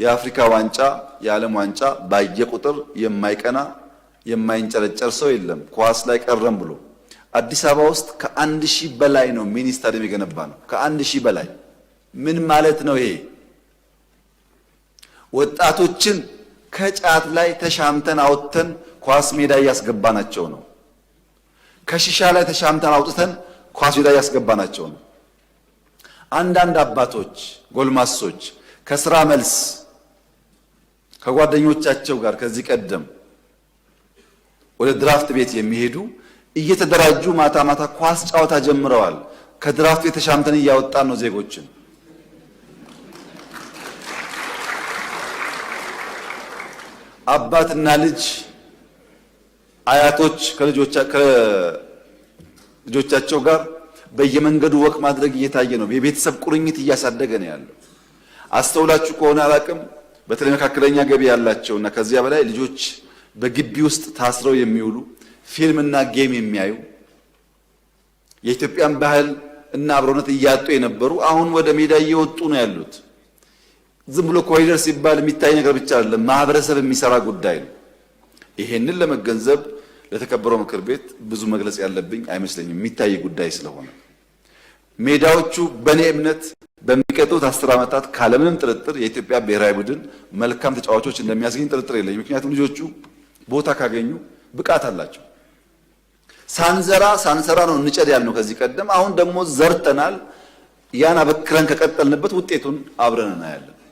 የአፍሪካ ዋንጫ የዓለም ዋንጫ ባየ ቁጥር የማይቀና የማይንጨረጨር ሰው የለም። ኳስ ላይ ቀረም ብሎ አዲስ አበባ ውስጥ ከአንድ ሺህ በላይ ነው ሚኒ ስታዲየም የገነባ ነው። ከአንድ ሺህ በላይ ምን ማለት ነው? ይሄ ወጣቶችን ከጫት ላይ ተሻምተን አውጥተን ኳስ ሜዳ እያስገባናቸው ነው። ከሽሻ ላይ ተሻምተን አውጥተን ኳስ ሜዳ እያስገባናቸው ነው። አንዳንድ አባቶች፣ ጎልማሶች ከስራ መልስ ከጓደኞቻቸው ጋር ከዚህ ቀደም ወደ ድራፍት ቤት የሚሄዱ እየተደራጁ ማታ ማታ ኳስ ጨዋታ ጀምረዋል። ከድራፍት ቤት ተሻምተን እያወጣን ነው ዜጎችን። አባትና ልጅ፣ አያቶች ከልጆቻቸው ጋር በየመንገዱ ወቅ ማድረግ እየታየ ነው። የቤተሰብ ቁርኝት እያሳደገ ነው ያለው። አስተውላችሁ ከሆነ አላቅም በተለይ መካከለኛ ገቢ ያላቸውና ከዚያ በላይ ልጆች በግቢ ውስጥ ታስረው የሚውሉ ፊልምና ጌም የሚያዩ የኢትዮጵያን ባህል እና አብሮነት እያጡ የነበሩ አሁን ወደ ሜዳ እየወጡ ነው ያሉት። ዝም ብሎ ኮሪደር ሲባል የሚታይ ነገር ብቻ አይደለም፣ ማህበረሰብ የሚሰራ ጉዳይ ነው። ይሄንን ለመገንዘብ ለተከበረው ምክር ቤት ብዙ መግለጽ ያለብኝ አይመስለኝም፣ የሚታይ ጉዳይ ስለሆነ ሜዳዎቹ በእኔ እምነት በሚቀጥሉት አስር ዓመታት ካለምንም ጥርጥር የኢትዮጵያ ብሔራዊ ቡድን መልካም ተጫዋቾች እንደሚያስገኝ ጥርጥር የለኝ። ምክንያቱም ልጆቹ ቦታ ካገኙ ብቃት አላቸው። ሳንዘራ ሳንሰራ ነው እንጨድ ያልነው ከዚህ ቀደም። አሁን ደግሞ ዘርተናል። ያን አበክረን ከቀጠልንበት ውጤቱን አብረን እናያለን።